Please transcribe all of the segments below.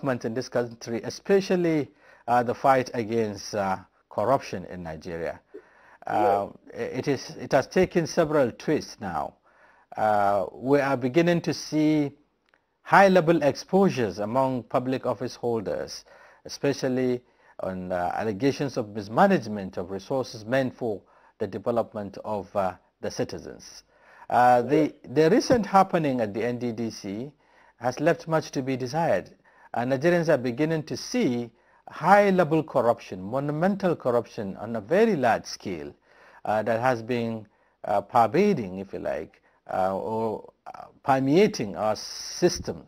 development in this country, especially uh, the fight against uh, corruption in Nigeria. Uh, yeah. it, is, it has taken several twists now. Uh, we are beginning to see high-level exposures among public office holders, especially on uh, allegations of mismanagement of resources meant for the development of uh, the citizens. the, the recent happening at the NDDC has left much to be desired uh, Nigerians are beginning to see high-level corruption, monumental corruption on a very large scale uh, that has been uh, pervading, if you like, uh, or uh, permeating our system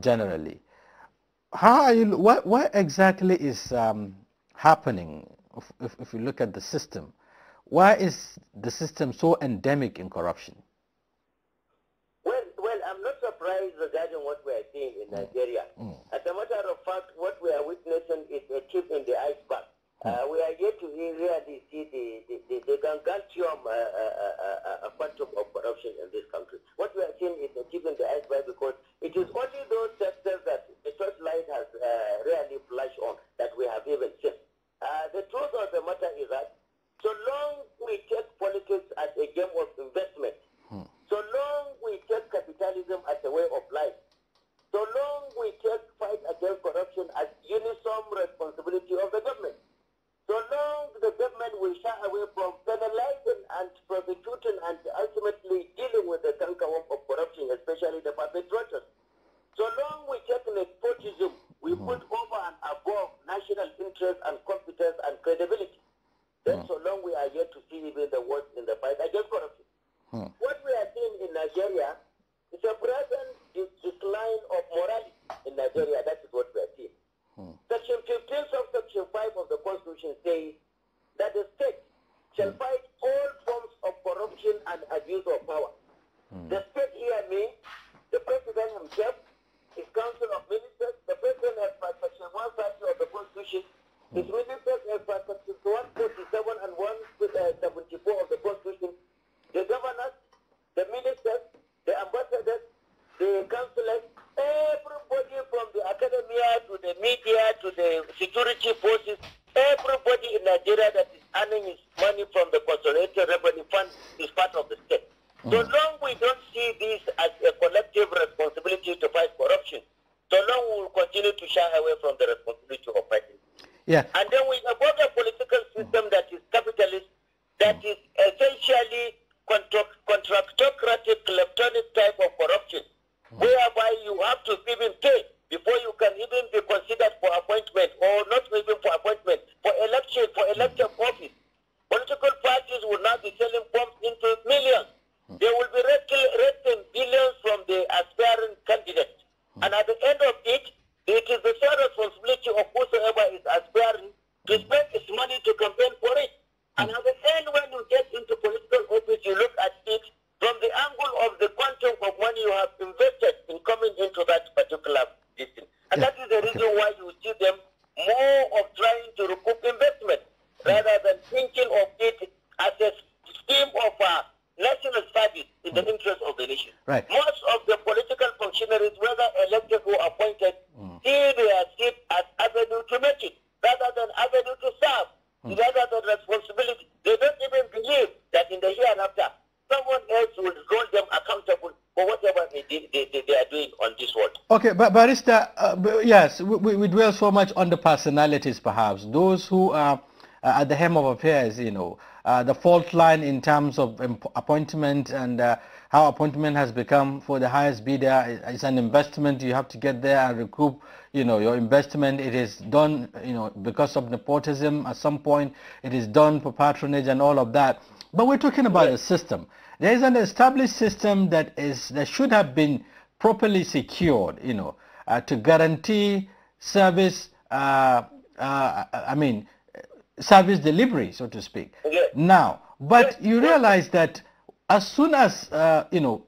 generally. How are you, what, what exactly is um, happening if, if, if you look at the system? Why is the system so endemic in corruption? in in mm. Nigeria. Mm. As a matter of fact, what we are witnessing is a chip in the iceberg. Mm. Uh, we are yet to really see the, the, the, the gargantuan uh, uh, quantum uh, uh, of corruption in this country. What we are seeing is a chip in the iceberg because it is only those sectors that the light has uh, really flashed on that we have even seen. the truth of the matter is that so long we take politics as a game of investment, hmm. so long we take capitalism as a way of life, so long we take fight against corruption as uniform responsibility of the government. So long the government will shy away from penalizing and prosecuting and ultimately dealing with the cankerworm of corruption, especially the perpetrators. So long we take nepotism, we mm. put over and above national interest and competence and credibility. Then mm. so long we are yet to see even the worst in the fight against corruption. Mm. rather than thinking of it as a scheme of a uh, national service in the mm. interest of the nation. Right. Most of the political functionaries, whether elected or appointed, mm. see their seat as avenue to make it, rather than avenue to serve, mm. rather than responsibility. They don't even believe that in the year and after, someone else will hold them accountable for whatever they, they, they, they are doing on this world. Okay, but Barista, uh, yes, we, we dwell so much on the personalities, perhaps. Those who are uh, at the hem of affairs, you know, uh, the fault line in terms of appointment and uh, how appointment has become for the highest bidder is an investment. You have to get there and recoup, you know, your investment. It is done, you know, because of nepotism at some point. It is done for patronage and all of that. But we're talking about a system. There is an established system that is that should have been properly secured, you know, uh, to guarantee service. Uh, uh, I mean, service delivery, so to speak. Yes. Now, but yes. you realize that as soon as, uh, you know,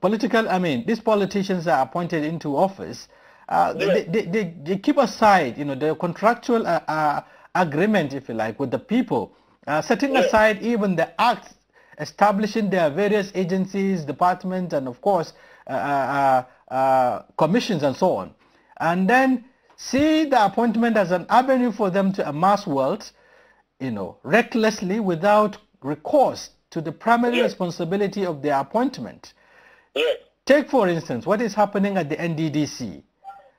political, I mean, these politicians are appointed into office, uh, yes. they, they, they, they, keep aside, you know, the contractual uh, uh agreement, if you like, with the people, uh, setting aside even the acts establishing their various agencies, departments, and of course, uh, commissions and so on. And then see the appointment as an avenue for them to amass wealth you know, recklessly without recourse to the primary yes. responsibility of their appointment. Yes. Take, for instance, what is happening at the NDDC.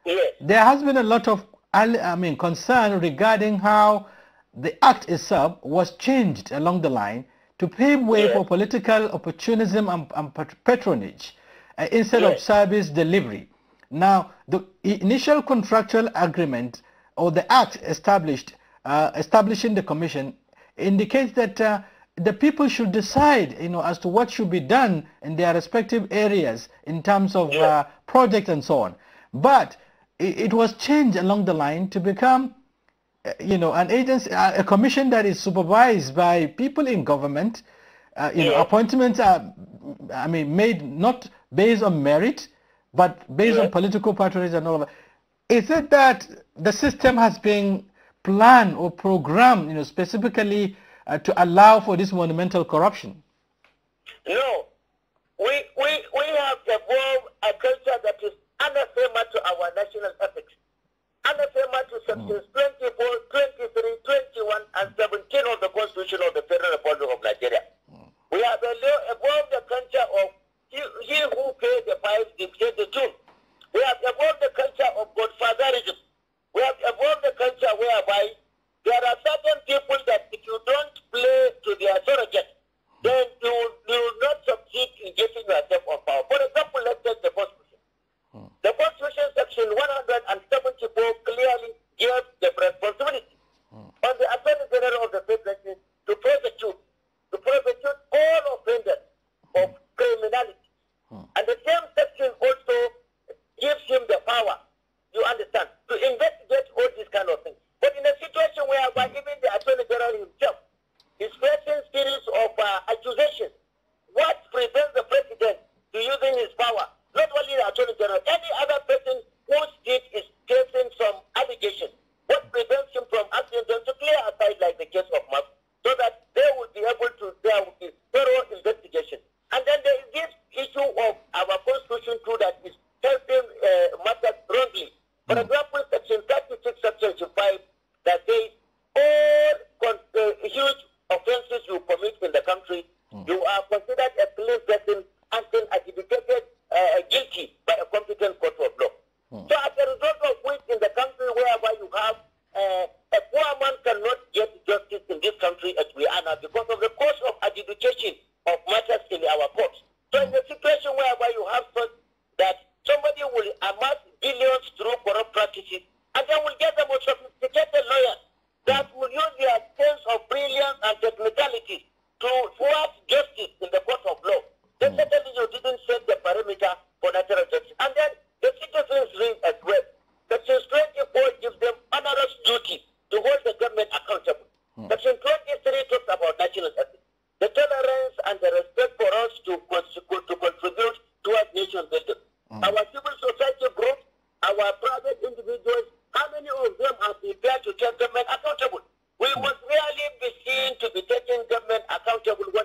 Yes. There has been a lot of, I mean, concern regarding how the act itself was changed along the line to pave way for political opportunism and, and patronage uh, instead of service delivery. Now, the initial contractual agreement or the act established uh, establishing the commission indicates that uh, the people should decide, you know, as to what should be done in their respective areas in terms of uh, projects and so on. But it, it, was changed along the line to become, uh, you know, an agency, uh, a commission that is supervised by people in government. Uh, you know, appointments are, I mean, made not based on merit, but based on political patronage and all of that. Is it that the system has been plan or program, you know, specifically uh, to allow for this monumental corruption? No. We, we, we have evolved a culture that is anathema to our national ethics. Anathema to sections mm. 24, 23, 21, and 17 of the Constitution of the Federal Republic of Nigeria. Mm. We have evolved the culture of he, he who paid the price is paid the tune. We have evolved the culture of godfatherism. We have evolved a culture whereby there are certain people that if you don't play to their surrogate, then you will, you will not succeed in getting yourself on power. For example, let's take the Constitution. Hmm. The Constitution section 174 clearly gives the responsibility hmm. on the Attorney General of the Federation to prosecute, to prosecute all offenders of criminality. Hmm. And the same double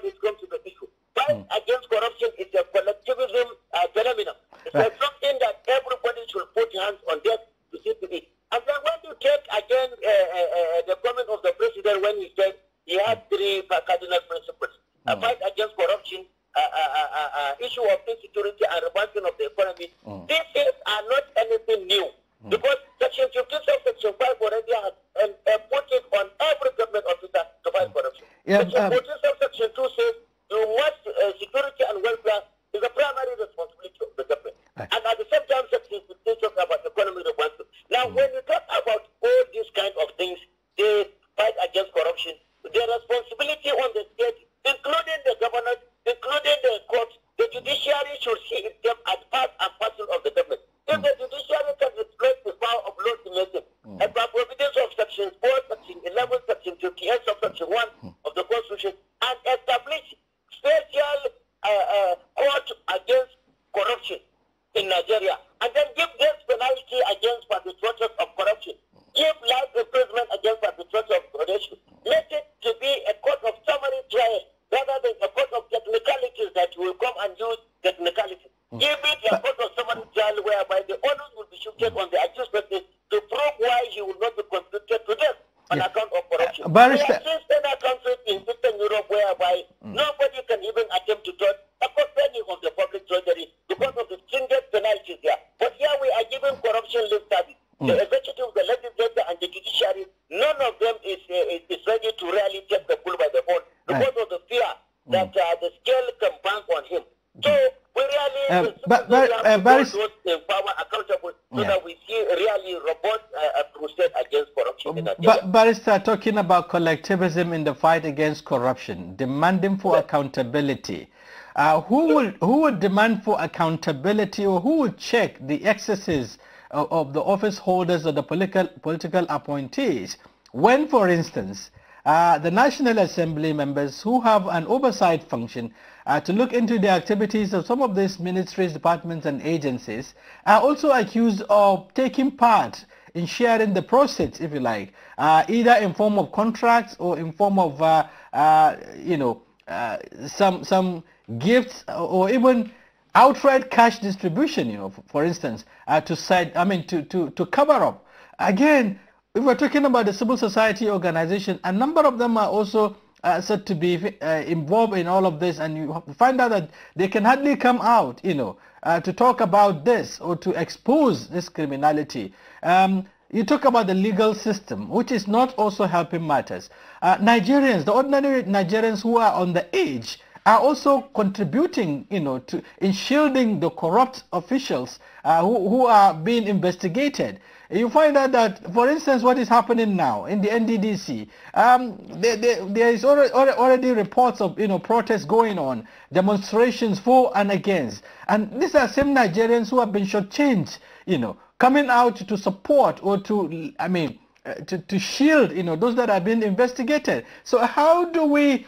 uh, Those uh, power accountable so yeah. that we see really robust uh, uh crusade against corruption. but Barrister, uh, talking about collectivism in the fight against corruption, demanding for accountability. Uh, who would who would demand for accountability, or who would check the excesses of, of the office holders or the political political appointees? When, for instance, uh, the National Assembly members who have an oversight function uh, to look into the activities of some of these ministries, departments and agencies are also accused of taking part in sharing the proceeds, if you like, uh, either in form of contracts or in form of, uh, uh you know, uh, some, some gifts or even outright cash distribution, you know, for instance, uh, to side, I mean, to, to, to cover up. Again, if we're talking about the civil society organization, a number of them are also uh, said to be uh, involved in all of this and you find out that they can hardly come out, you know, uh, to talk about this or to expose this criminality. Um, you talk about the legal system, which is not also helping matters. Uh, Nigerians, the ordinary Nigerians who are on the edge, are also contributing, you know, to in shielding the corrupt officials uh, who, who are being investigated you find out that, for instance, what is happening now in the NDDC, um, there, there, there is already, already reports of you know protests going on, demonstrations for and against, and these are same Nigerians who have been shortchanged, you know, coming out to support or to, I mean, uh, to, to shield you know those that have been investigated. So how do we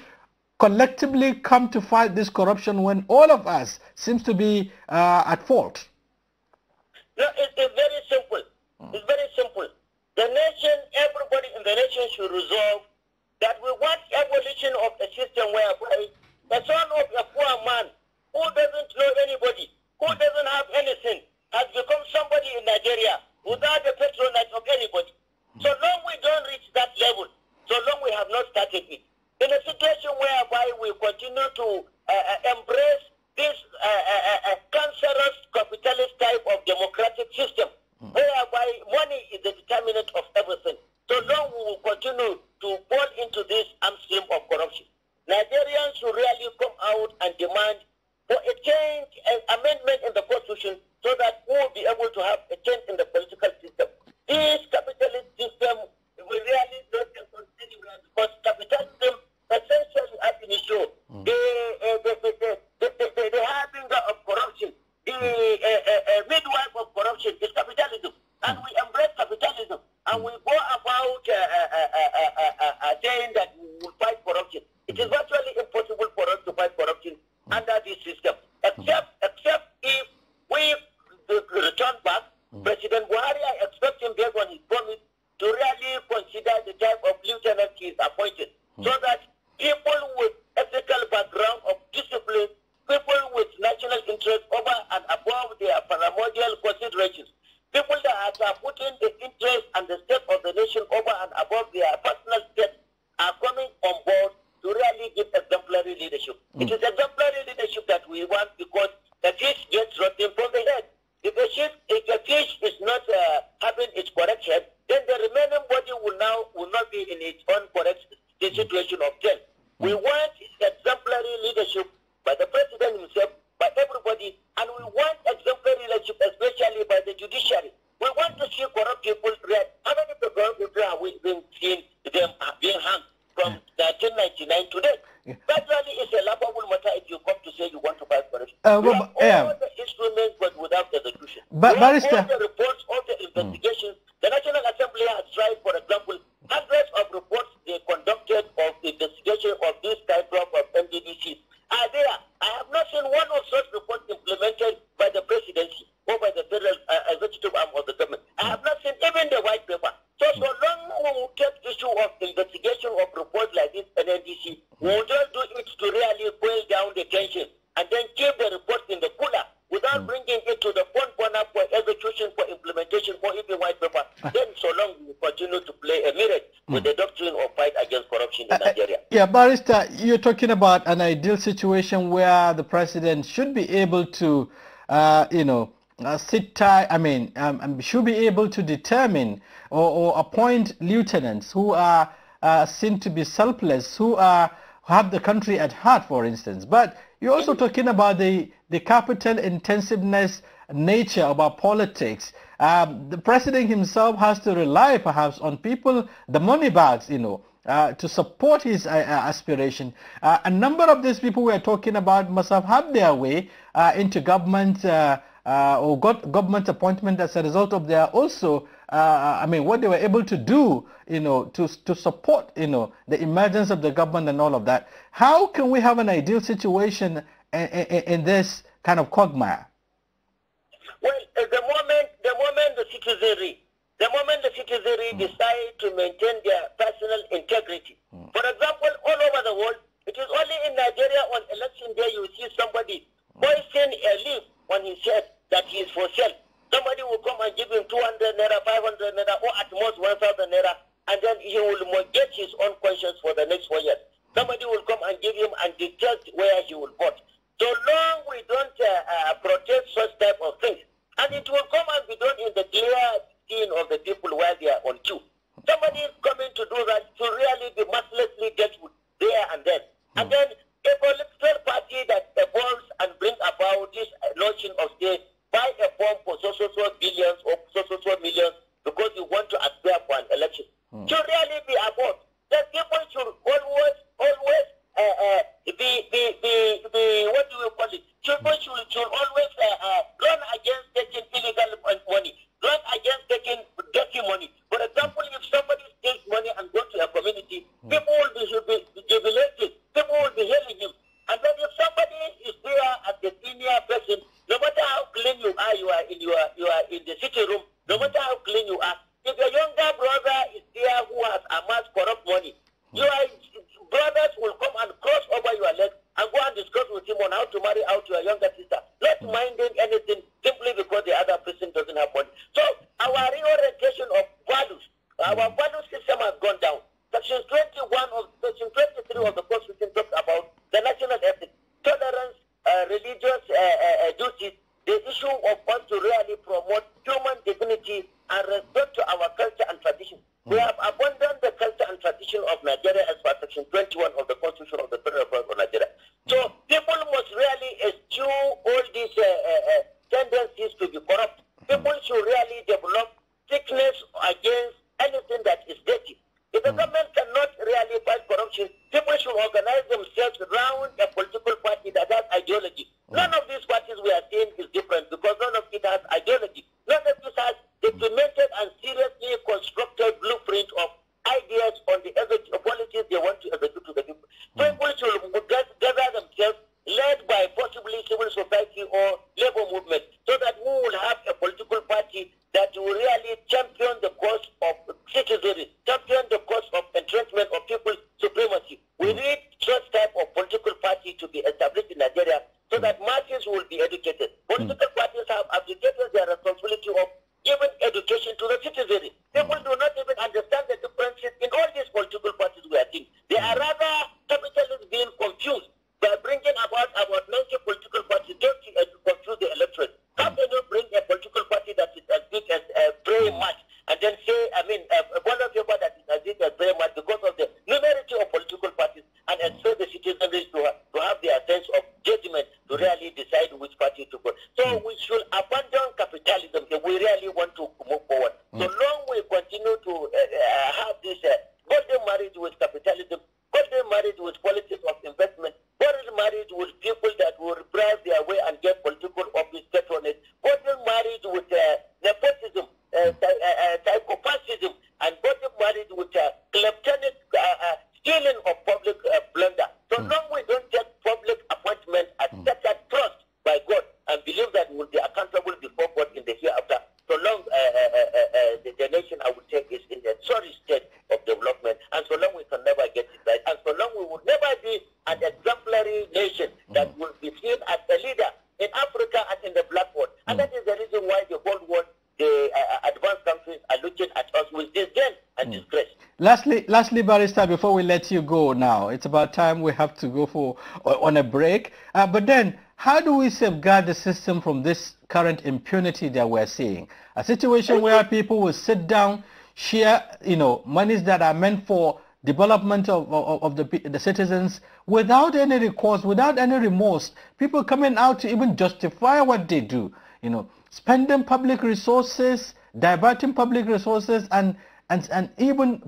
collectively come to fight this corruption when all of us seems to be uh, at fault? No, it's very simple. Mm. It's very simple. The nation, everybody in the nation should resolve that we want evolution of a system whereby the son of a poor man who doesn't know anybody, who mm. doesn't have anything, has become somebody in Nigeria without the patronage of anybody. Mm. So long we don't reach that level, so long we have not started it. In a situation whereby we continue to uh, uh embrace this uh uh, uh, uh, cancerous capitalist type of democratic system, Mm. whereby money is the determinant of everything. So long we will continue to fall into this armstream of corruption. Nigerians should really come out and demand for a change, an amendment in the constitution so that we will be able to have a change in the political system. This capitalist system will really not continue because capitalism essentially has been shown. Mm. The, uh, eh, the, the, the, the, the harbinger of corruption the uh, midwife of corruption is capitalism. And we embrace capitalism. And we go about uh, uh, uh, saying that we fight corruption. It is virtually impossible for us to fight corruption under this system, except, except if we return back. Hmm. President Buhari, I expect him based on his promise to really consider the type of lieutenant he is appointed so hmm. that people with ethical background of discipline barista. É, Yeah, Barrister, you're talking about an ideal situation where the president should be able to, uh, you know, uh, sit tight, I mean, um, um should be able to determine or, or appoint lieutenants who are uh, seen to be selfless, who are have the country at heart, for instance. But you're also talking about the, the capital intensiveness nature of our politics. Um, the president himself has to rely perhaps on people, the money bags, you know, uh, to support his uh, uh, aspiration. Uh, a number of these people we are talking about must have had their way uh, into government or got government appointment as a result of their also, I mean, what they were able to do, you know, to, to support, you know, the emergence of the government and all of that. How can we have an ideal situation in, in, in this kind of quagmire? Well, the moment, the moment the citizenry the moment the citizens mm. decide to maintain their personal integrity, mm. for example, all over the world, it is only in Nigeria on election day you see somebody hoisting hmm. a leaf on his head that he is for sale. Somebody will come and give him 200 naira, 500 naira, or at most 1,000 naira, and then he will mortgage his own conscience for the next four years. Hmm. Somebody will come and give him and detect where he will vote. So long we don't uh, uh, protect such type of things, and it will come and be done in the clear in of the people while they are on queue. Somebody is coming to do that to really be mercilessly dealt with there and then. Mm. And hmm. then a political party that evolves and brings about this notion of say, buy a form for so so so billions or so so so millions because you want to appear for an election. Mm. Should really be about The people should always always uh, uh, be, be, be, be what do you call it? People should, should always uh, uh, run against taking illegal money. Not against taking Political mm. parties have abdicated their responsibility of giving education to the citizenry. lastly, Barrister, before we let you go now, it's about time we have to go for on a break. Uh, but then, how do we safeguard the system from this current impunity that we're seeing? A situation where people will sit down, share, you know, monies that are meant for development of, of, of, the, the citizens without any recourse, without any remorse. People coming out to even justify what they do, you know, spending public resources, diverting public resources and and and even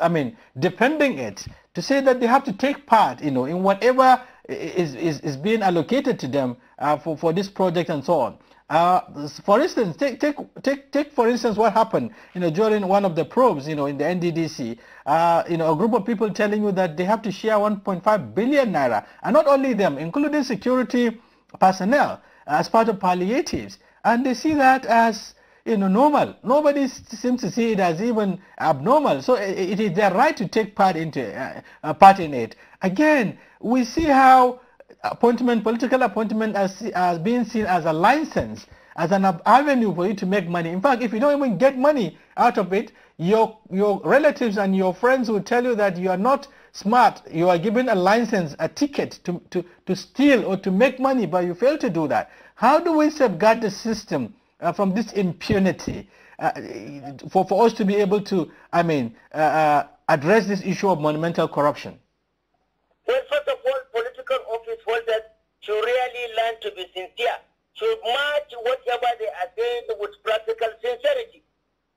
I mean defending it to say that they have to take part, you know, in whatever is is, is being allocated to them uh, for for this project and so on. Uh, for instance, take take take take for instance what happened, you know, during one of the probes, you know, in the NDDC, uh, you know, a group of people telling you that they have to share 1.5 billion naira, and not only them, including security personnel, as part of palliatives, and they see that as you know, normal. Nobody seems to see it as even abnormal. So it is their right to take part into uh, uh, part in it. Again, we see how appointment, political appointment, as as being seen as a license, as an avenue for you to make money. In fact, if you don't even get money out of it, your your relatives and your friends will tell you that you are not smart. You are given a license, a ticket to to to steal or to make money, but you fail to do that. How do we safeguard the system? uh, from this impunity, uh, for, for us to be able to, I mean, uh, uh address this issue of monumental corruption? Well, first of all, political office holders should really learn to be sincere, should match whatever they are saying with practical sincerity.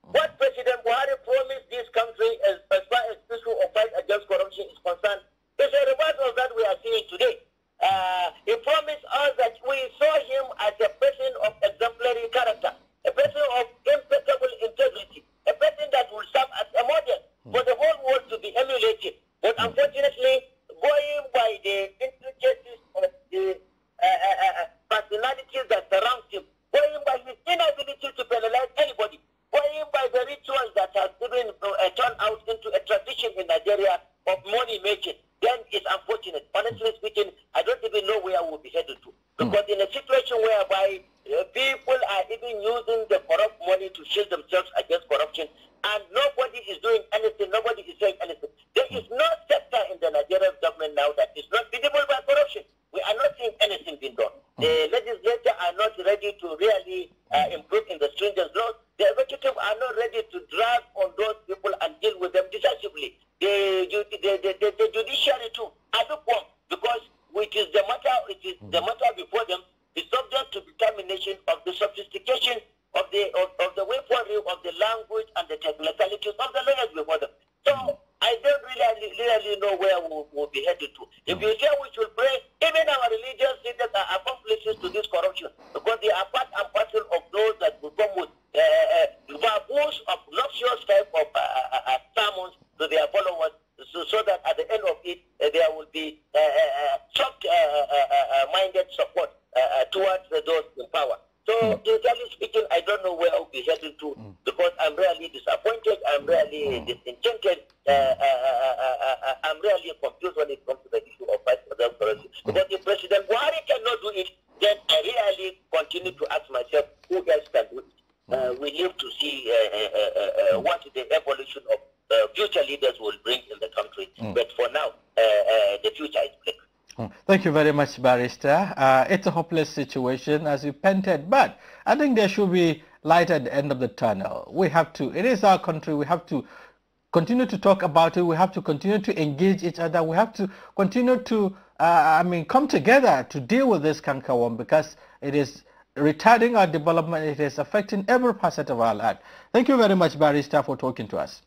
Mm. What President Buhari promised this country as, as far as issue of fight against corruption is concerned is a reverse of that we are seeing today. Uh, he promised us that we saw him as a person of exemplary character, a person of impeccable integrity, a person that will serve as a model uh, we live to see uh, uh, uh, uh, what the evolution of future leaders will bring in the country. Mm. But for now, the future is black. Hmm. Thank you very much, Barrister. it's a hopeless situation, as you painted, but I think there should be light at the end of the tunnel. We have to, it is our country, we have to continue to talk about it. We have to continue to engage each other. We have to continue to, uh, I mean, come together to deal with this one because it is retarding our development. It is affecting every facet of our life. Thank you very much, Barrister, for talking to us.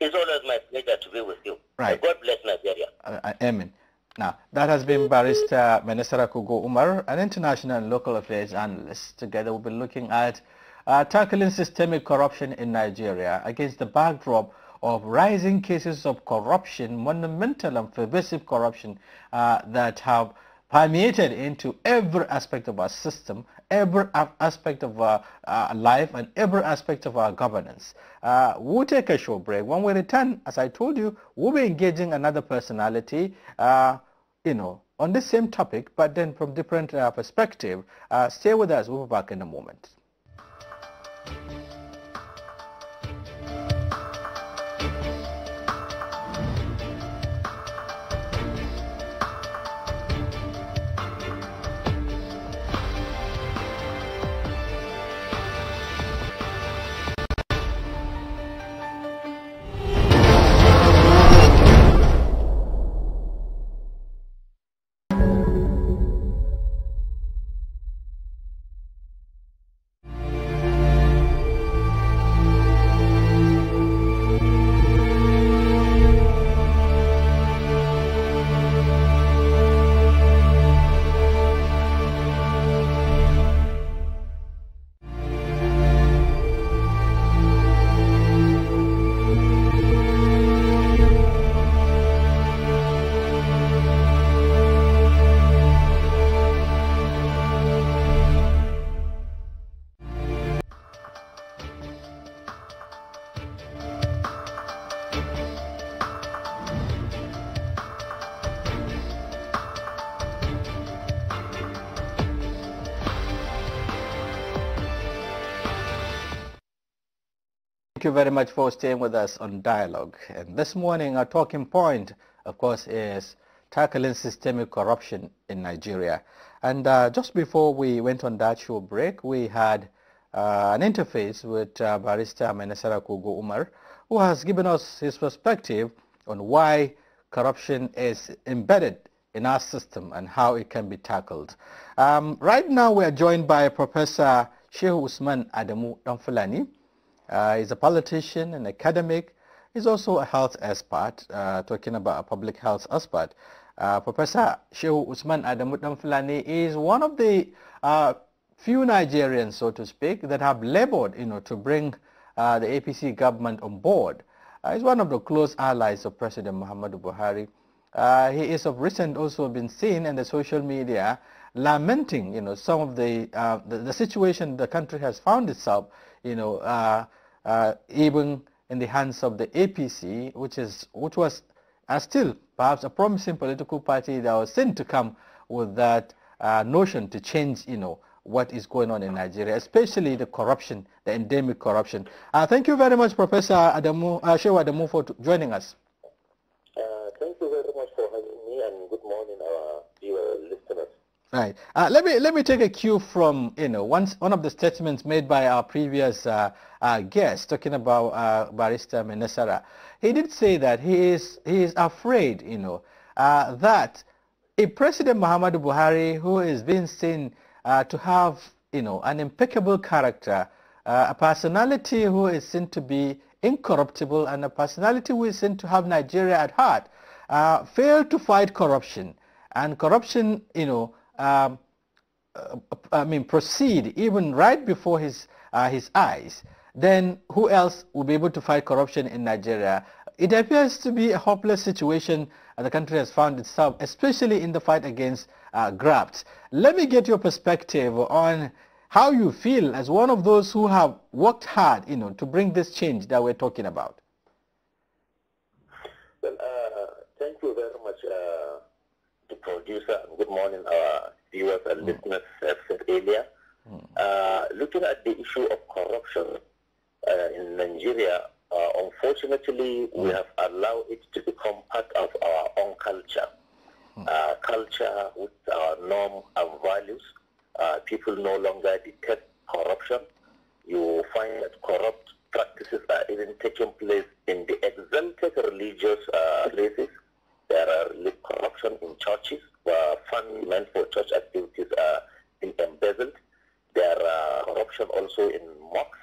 It's always my pleasure to be with you. Right. God bless Nigeria. Uh, uh amen. Now, that has been Barrister Menesara Kogo Umar, an international and local affairs analyst. Together we'll be looking at uh, tackling systemic corruption in Nigeria against the backdrop of rising cases of corruption, monumental and pervasive corruption uh, that have permeated into every aspect of our system every aspect of our, uh, our uh, life and every aspect of our governance. Uh, we'll take a short break. When we return, as I told you, we'll be engaging another personality, uh, you know, on the same topic, but then from different uh, perspective. Uh, stay with us. We'll be back in a moment. much for staying with us on Dialogue. And this morning our talking point, of course, is tackling systemic corruption in Nigeria. And uh, just before we went on that show break, we had uh, an interface with uh, barrister Menesara Kogo Umar, who has given us his perspective on why corruption is embedded in our system and how it can be tackled. Um, right now we are joined by Professor Shehu Usman Adamu Donfulani, uh, he's a politician, an academic. He's also a health expert, uh, talking about a public health expert. Uh, Professor Shehu Usman Adamutam Fulani is one of the uh, few Nigerians, so to speak, that have labored you know, to bring uh, the APC government on board. Uh, he's one of the close allies of President Muhammadu Buhari. he is of recent also been seen in the social media lamenting, you know, some of the, uh, the, the situation the country has found itself, you know, uh, uh, even in the hands of the APC, which is which was uh, still perhaps a promising political party that was seen to come with that uh, notion to change, you know, what is going on in Nigeria, especially the corruption, the endemic corruption. Uh, thank you very much, Professor Adamu, uh, Shewa Adamu, for joining us. Right. Uh, let me let me take a cue from you know once one of the statements made by our previous uh, uh, guest talking about uh, barrister Menesara. He did say that he is he is afraid you know uh, that if President Muhammadu Buhari, who is being seen uh, to have you know an impeccable character, a personality who is seen to be incorruptible, and a personality who is seen to have Nigeria at heart, failed to fight corruption, and corruption you know um, uh, I mean, proceed even right before his, uh, his eyes, then who else will be able to fight corruption in Nigeria? It appears to be a hopeless situation uh, the country has found itself, especially in the fight against uh, graft. Let me get your perspective on how you feel as one of those who have worked hard, you know, to bring this change that we're talking about. Well, uh producer, good morning, our uh, viewers and hmm. listeners have said earlier. Hmm. Uh, looking at the issue of corruption uh, in Nigeria, uh, unfortunately, we hmm. have allowed it to become part of our own culture. Uh, culture with our norm and values. Uh, people no longer detect corruption. You find that corrupt practices are even taking place in the exempted religious places. There are corruption in churches where funds meant for church activities are being embezzled. There are corruption also in mosques.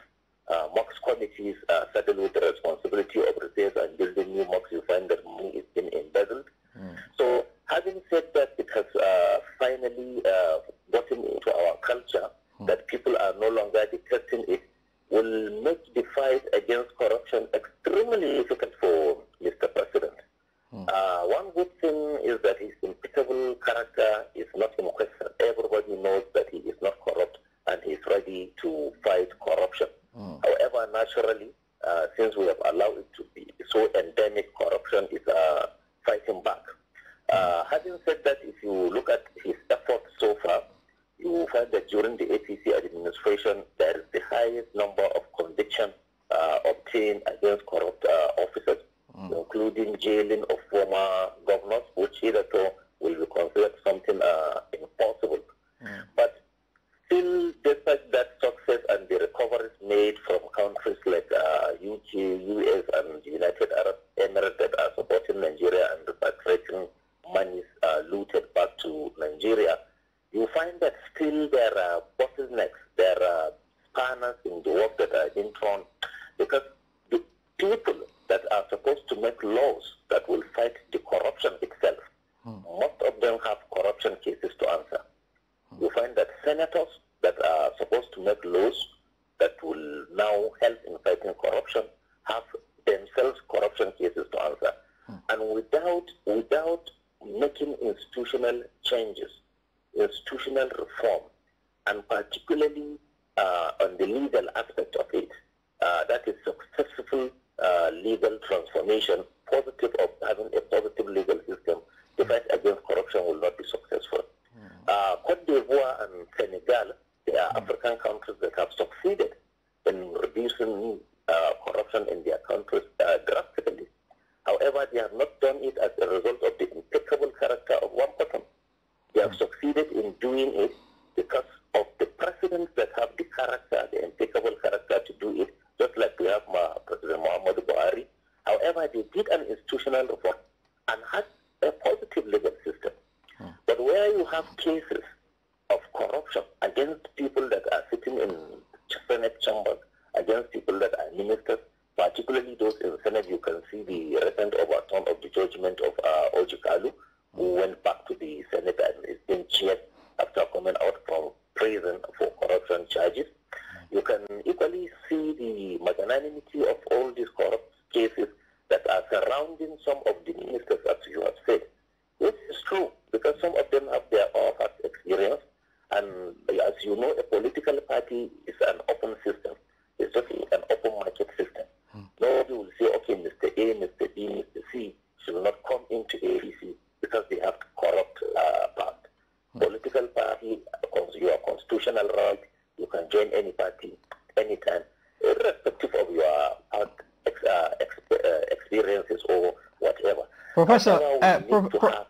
Uh, mosque committees are saddled with the responsibility of repairs and building new mosques. You find that money is being embezzled. Mm. So having said that, it has uh, finally uh, gotten into our culture mm. that people are no longer detecting it will make the fight against corruption extremely difficult for Mr. President. Mm. Uh, one good thing is that his impeccable character is not in question. Everybody knows that he is not corrupt and he is ready to fight corruption. Mm. However, naturally, uh, since we have allowed it to be so endemic, corruption is uh, fighting back. Uh, having said that, if you look at his efforts so far, you will find that during the APC administration, there is the highest number of convictions uh, obtained against corrupt uh, officers. Mm. including jailing of former governors, which either will be considered something uh, impossible. Mm. But still, despite that success and the recoveries made from countries like uh, UK, US, and United Arab Emirates that are supporting Nigeria and repatriating money uh, looted back to Nigeria, you find that still there are bottlenecks because some of them have their own past experience. And as you know, a political party is an open system. It's just an open market system. Hmm. Nobody will say, okay, Mr. A, Mr. B, Mr. C should not come into ABC because they have corrupt uh, Hmm. Political party, your constitutional right, you can join any party anytime, irrespective of your past uh, uh, experiences or whatever. Professor, uh, pro- pro-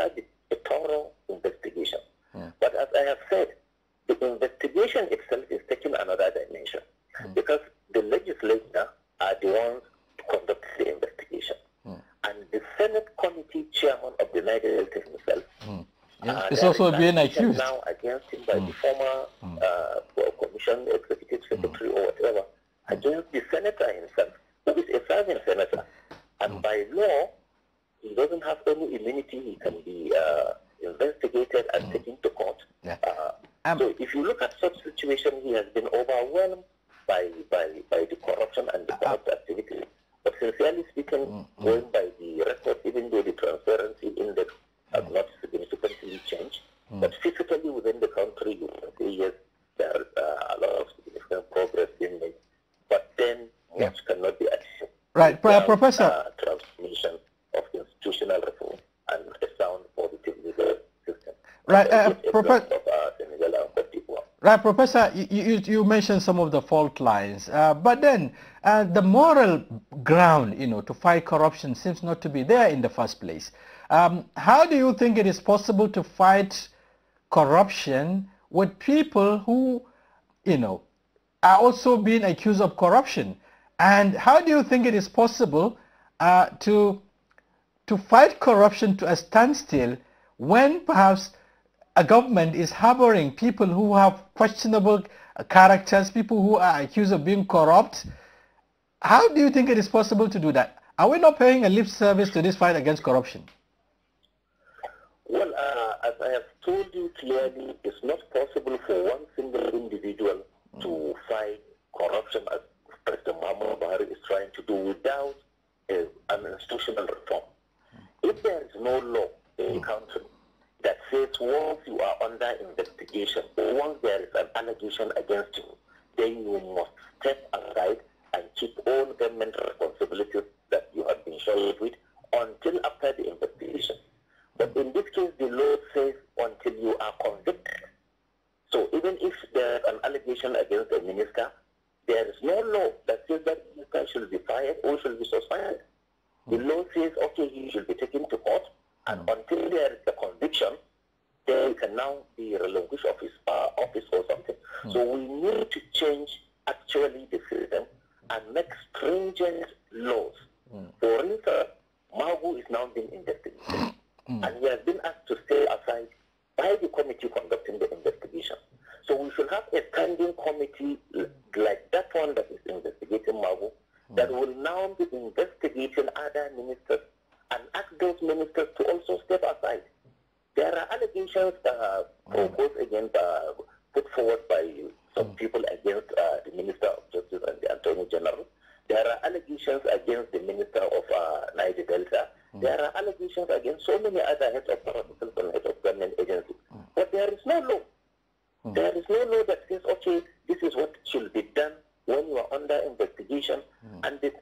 started a thorough investigation. Yeah. Hmm. But as I have said, the investigation itself is taking another dimension mm. because the legislature are the ones to conduct the investigation. Mm. And the Senate committee chairman of the Nigerian himself mm. yes. uh, is also being accused. Now against him by hmm. the former hmm. uh, commission executive secretary or whatever, against the senator himself, who is a serving senator. And by law, he doesn't have any immunity. He can be uh, investigated and mm. taken to court. Yeah. Uh, um, so if you look at such situation, he has been overwhelmed by by, by the corruption and the uh, uh. corrupt uh, activity. But sincerely speaking, mm, mm, going by the record, even though the transparency index has mm. not significantly changed, mm. but physically within the country, you can say yes, uh, a lot of significant progress in it. But then, yeah. much cannot be achieved. Right, Professor of institutional reform and a sound positive legal system. Right, uh, Professor. Uh, uh, right, Professor, you, you, you, mentioned some of the fault lines, uh, but then uh, the moral ground, you know, to fight corruption seems not to be there in the first place. Um, how do you think it is possible to fight corruption with people who, you know, are also being accused of corruption? And how do you think it is possible uh, to to fight corruption to a standstill when perhaps a government is harboring people who have questionable characters, people who are accused of being corrupt. How do you think it is possible to do that? Are we not paying a lip service to this fight against corruption? Well, uh, as I have told you clearly, it's not possible for one single individual to fight corruption as President Mahmoud Buhari is trying to do without uh, an institutional reform. If there is no law in the hmm. country that says once you are under investigation or once there is an allegation against you, then you must step aside and keep all government responsibilities that you have been charged with until after the investigation. But in this case, the law says until you are convicted. So even if there is an allegation against a minister, there is no law that says that minister should be fired or should be suspended. The law says, okay, he should be taken to court, and until there is a conviction, then he can now be relinquished of his uh, office or something. Hmm. So we need to change actually the system and make stringent laws. Hmm. For instance, Magu is now being investigated, hmm. and he has been asked to stay aside by the committee conducting the investigation. So we should have a standing committee like that one that is investigating Magu that mm. will now be investigating other ministers and ask those ministers to also step aside. There are allegations uh, mm. proposed against, uh, put forward by some mm. people against uh, the Minister of Justice and the Attorney General. There are allegations against the Minister of uh, Niger Delta. There are allegations against so many other heads of provinces and heads of government agencies. But there is no law. There is no law that says, okay, this is what should be done when you are under investigation and this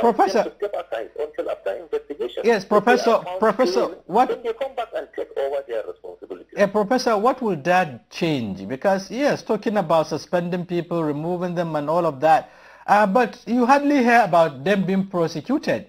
Professor. Yes, Professor. Professor, what? Yeah, Professor, what will that change? Because yes, talking about suspending people, removing them, and all of that, uh, but you hardly hear about them being prosecuted.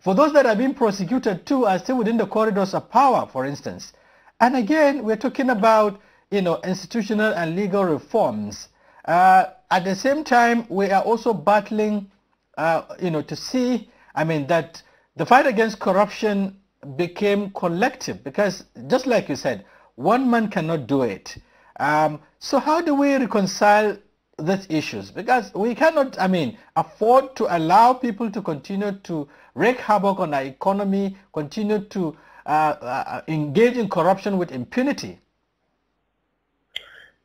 For those that are being prosecuted too are still within the corridors of power, for instance. And again, we're talking about you know institutional and legal reforms. Uh, at the same time, we are also battling uh, you know, to see, I mean, that the fight against corruption became collective because just like you said, one man cannot do it. Um, so how do we reconcile these issues? Because we cannot, I mean, afford to allow people to continue to wreak havoc on our economy, continue to uh, uh, uh engage in corruption with impunity.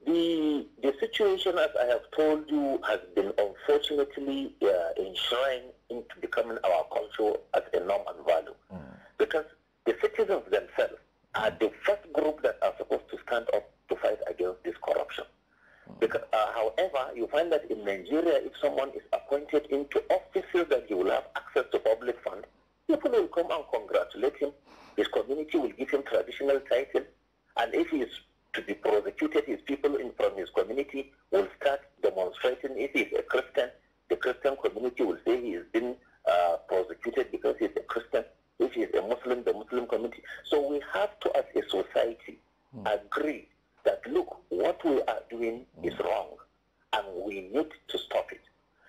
The, the situation, as I have told you, has been unfortunately uh, enshrined into becoming our culture as a norm and value. Mm. Because the citizens themselves are the first group that are supposed to stand up to fight against this corruption. Mm. Because, uh, however, you find that in Nigeria, if someone is appointed into offices that he will have access to public funds, people will come and congratulate him. His community will give him traditional title. And if he is to be prosecuted, his people in, from his community will start demonstrating. If he's a Christian, the Christian community will say he has been uh, prosecuted because he's a Christian. If he's a Muslim, the Muslim community. So we have to, as a society, mm. agree that look, what we are doing mm. is wrong, and we need to stop it.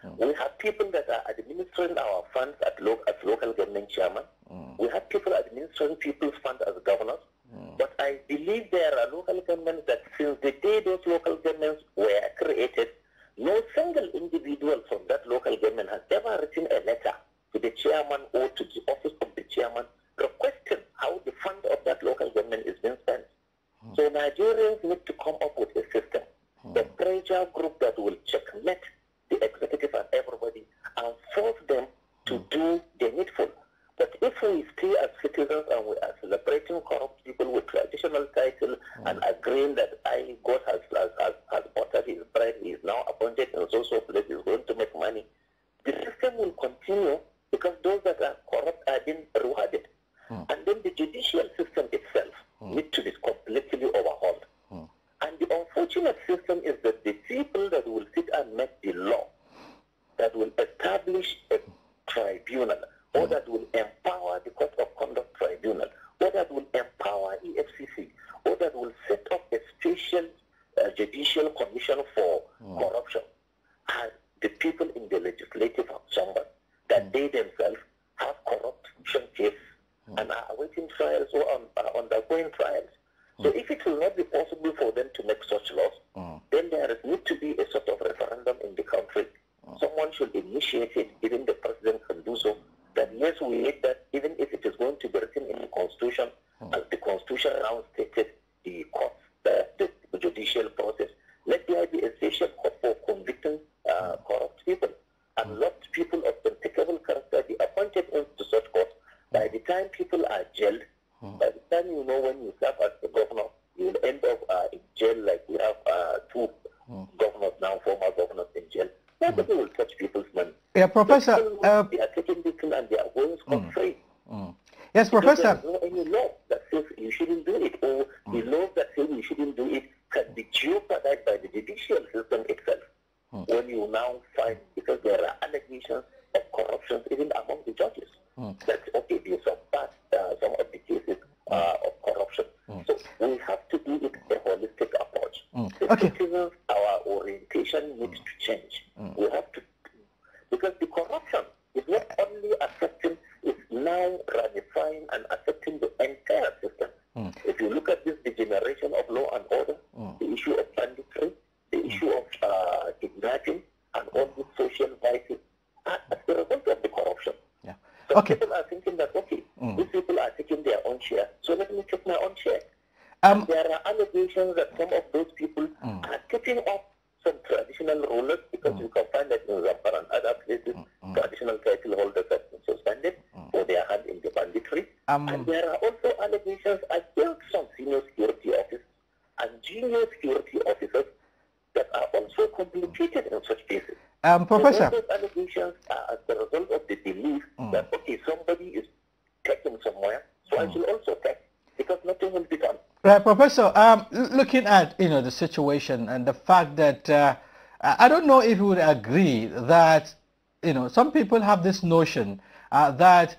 Mm. We have people that are administering our funds at lo- as local government chairman. Hmm. We have people administering people's funds as governors. Hmm. But I believe there are local governments that since the day those local are jailed. Hmm. By the time you know when you serve as the governor, you will end up uh, in jail like we have uh, two hmm. governors now, former governors in jail. Hmm. Nobody will touch people's money. Yeah, Professor. People, uh, they are taking little and they are going scot free. Yes, Professor. There is no any law that says you shouldn't do it, or the law that says you shouldn't do it can be jeopardized by the judicial system itself. When you now find, because there are allegations of corruption even among the judges. Mm. That's obvious of that, uh, some of the cases hmm. uh, of corruption. Mm. So we have to do it a holistic approach. Mm. okay. citizens, our orientation needs to change. Hmm. We have to, because the corruption is not only affecting, it's now ratifying and affecting the entire system. Hmm. If you look at this degeneration of law and order, the issue of banditry, the issue of uh, kidnapping, and all the social vices, what's that the corruption? Yeah. okay. people are thinking that, okay, mm. these people are taking their own share, so let me take my own share. Um, there are allegations that some of those people mm. are taking up some traditional rulers because mm. you can find that in Zamfara and other places, mm, mm. traditional title holders have been suspended mm. for their hand in the banditry. Um, and there are also allegations against some senior security officers and junior security officers that are also complicated in such cases. Um, Professor. those allegations are as the result of the belief mm. that, okay, somebody is taken somewhere, so mm. I should also take because nothing will be done. Right, Professor, um, looking at, you know, the situation and the fact that uh, I don't know if you would agree that, you know, some people have this notion uh, that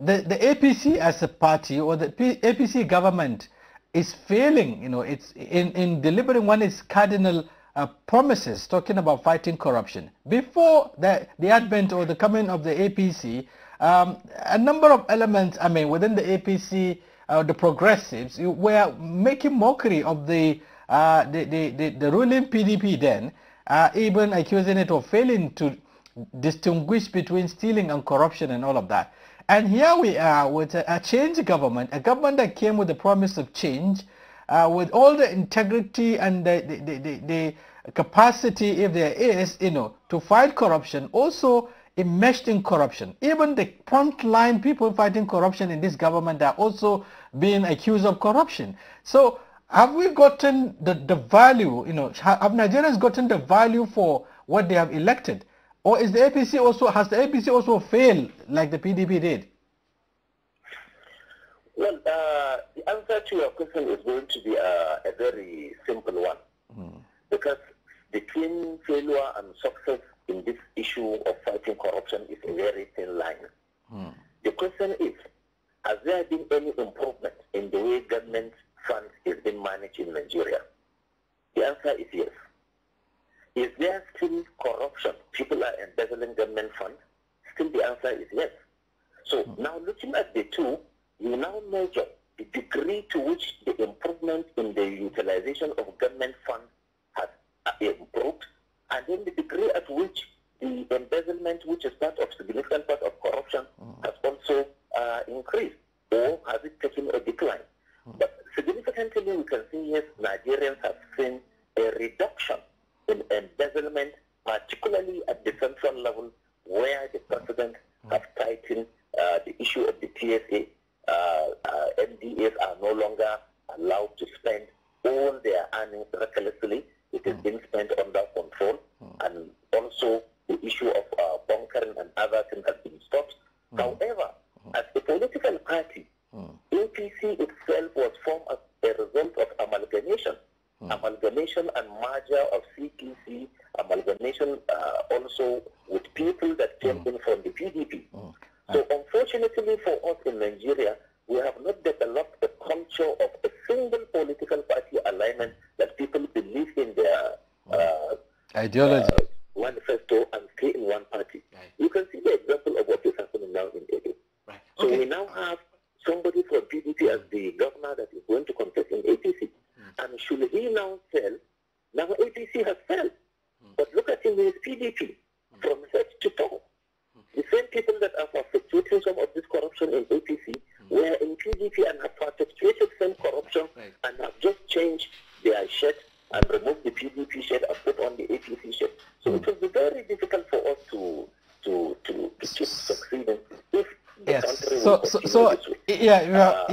the, the APC as a party or the P APC government is failing, you know, it's in, in delivering one its cardinal uh, promises talking about fighting corruption. Before the, the advent or the coming of the APC, um, a number of elements, I mean, within the APC, uh, the progressives, were making mockery of the, uh, the, the, the, the, ruling PDP then, uh, even accusing it of failing to distinguish between stealing and corruption and all of that. And here we are with a, a change government, a government that came with the promise of change, uh, with all the integrity and the, the, the, the capacity, if there is, you know, to fight corruption, also enmeshed in corruption. Even the frontline people fighting corruption in this government are also being accused of corruption. So have we gotten the, the value, you know, have Nigerians gotten the value for what they have elected? Or is the APC also, has the APC also failed like the PDP did? Well, uh, the answer to your question is going to be a, uh, a very simple one. Mm. Because between failure and success in this issue of fighting corruption is a very thin line. Mm. The question is, has there been any improvement in the way government funds is being managed in Nigeria? The answer is yes. Is there still corruption? People are embezzling government funds? Still the answer is yes. So mm. now looking at the two, we now measure the degree to which the improvement in the utilization of government funds has uh, improved, and then the degree at which the embezzlement, which is part of significant part of corruption, mm. has also uh, increased, or has it taken a decline? Mm. But significantly, we can see yes, Nigerians have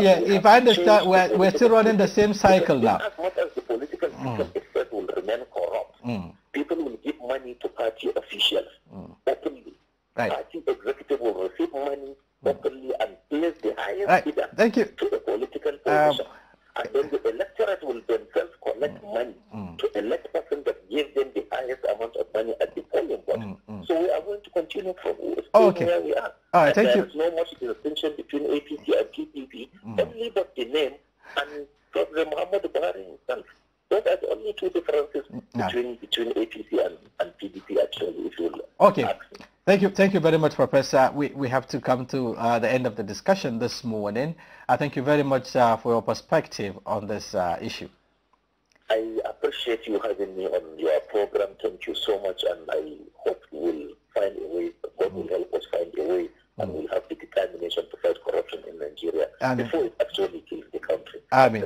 yeah, if I understand, we're, we're still running the same cycle now. As much as the political mm. system mm. itself will remain corrupt, mm. people will give money to party officials mm. openly. Right. Party executive will receive money mm. openly and place the highest right. bidder Thank you. to the political um, position. and then the electorate will themselves collect mm. money to elect person that gives them the highest amount of money at the polling body. So we are going to continue from okay. where we are. All right, and thank you. No much Thank you, thank you very much, Professor. We, we have to come to uh, the end of the discussion this morning. I uh, thank you very much uh, for your perspective on this uh, issue. I appreciate you having me on your program. Thank you so much, and I hope you will find a way. God will help us find a way, and mm-hmm. we'll have the determination to fight corruption in Nigeria Amen. before it actually kills the country. I mean,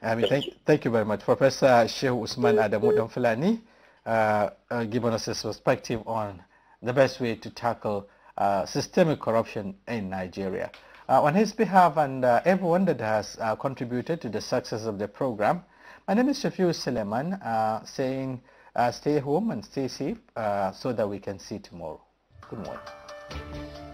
I mean, thank, thank you. thank you very much, Professor Sheikh Usman Adamu Donfilani, uh, uh, giving us his perspective on the best way to tackle uh, systemic corruption in Nigeria. Uh, on his behalf and uh, everyone that has uh, contributed to the success of the program, my name is Shafiu Suleiman uh, saying stay home and stay safe so that we can see tomorrow. Good morning.